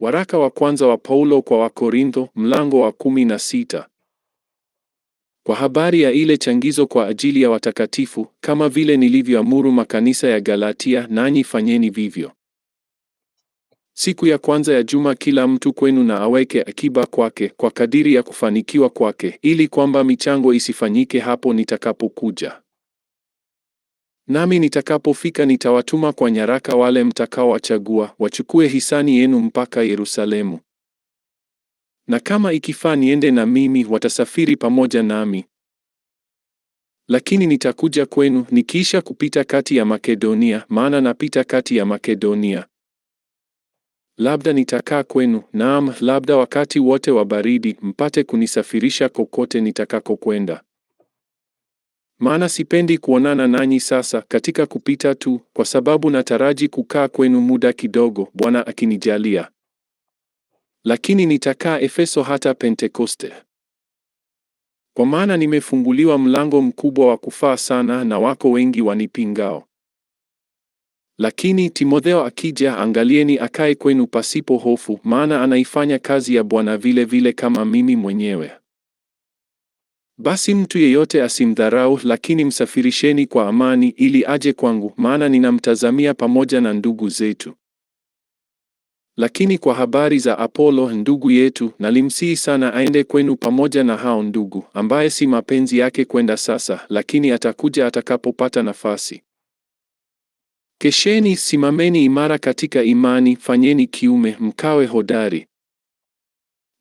Waraka wa kwanza wa Paulo kwa Wakorintho mlango wa kumi na sita. Kwa habari ya ile changizo kwa ajili ya watakatifu, kama vile nilivyoamuru makanisa ya Galatia, nanyi fanyeni vivyo. Siku ya kwanza ya juma kila mtu kwenu na aweke akiba kwake kwa kadiri ya kufanikiwa kwake, ili kwamba michango isifanyike hapo nitakapokuja. Nami nitakapofika nitawatuma kwa nyaraka wale mtakaowachagua, wachukue hisani yenu mpaka Yerusalemu. Na kama ikifaa niende na mimi, watasafiri pamoja nami. Lakini nitakuja kwenu nikiisha kupita kati ya Makedonia, maana napita kati ya Makedonia. Labda nitakaa kwenu, naam, labda wakati wote wa baridi, mpate kunisafirisha kokote nitakakokwenda. Maana sipendi kuonana nanyi sasa katika kupita tu, kwa sababu nataraji kukaa kwenu muda kidogo, Bwana akinijalia. Lakini nitakaa Efeso hata Pentekoste. Kwa maana nimefunguliwa mlango mkubwa wa kufaa sana, na wako wengi wanipingao. Lakini Timotheo akija, angalieni akae kwenu pasipo hofu, maana anaifanya kazi ya Bwana vile vile kama mimi mwenyewe. Basi mtu yeyote asimdharau, lakini msafirisheni kwa amani ili aje kwangu, maana ninamtazamia pamoja na ndugu zetu. Lakini kwa habari za Apolo ndugu yetu, nalimsihi sana aende kwenu pamoja na hao ndugu, ambaye si mapenzi yake kwenda sasa, lakini atakuja atakapopata nafasi. Kesheni, simameni imara katika imani, fanyeni kiume, mkawe hodari.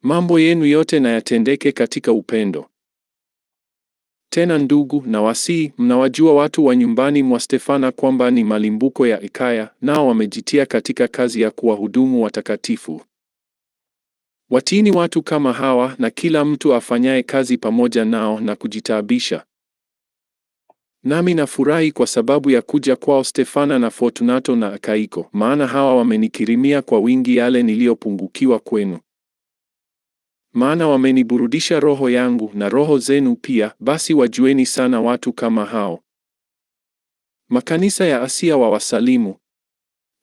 Mambo yenu yote na yatendeke katika upendo. Tena ndugu, na wasii, mnawajua watu wa nyumbani mwa Stefana kwamba ni malimbuko ya ikaya nao wamejitia katika kazi ya kuwahudumu watakatifu. Watiini watu kama hawa, na kila mtu afanyaye kazi pamoja nao na kujitaabisha. Nami nafurahi kwa sababu ya kuja kwao Stefana na Fortunato na Akaiko, maana hawa wamenikirimia kwa wingi yale niliyopungukiwa kwenu maana wameniburudisha roho yangu na roho zenu pia, basi wajueni sana watu kama hao. Makanisa ya Asia wawasalimu.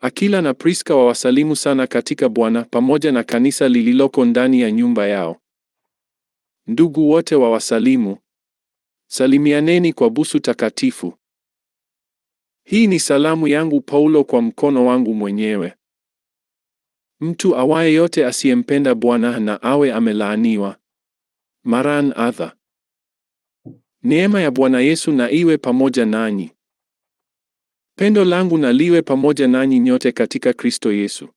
Akila na Priska wawasalimu sana katika Bwana, pamoja na kanisa lililoko ndani ya nyumba yao. Ndugu wote wawasalimu. Salimianeni kwa busu takatifu. Hii ni salamu yangu Paulo kwa mkono wangu mwenyewe. Mtu awaye yote asiyempenda Bwana na awe amelaaniwa. Maran adha. Neema ya Bwana Yesu na iwe pamoja nanyi. Pendo langu na liwe pamoja nanyi nyote katika Kristo Yesu.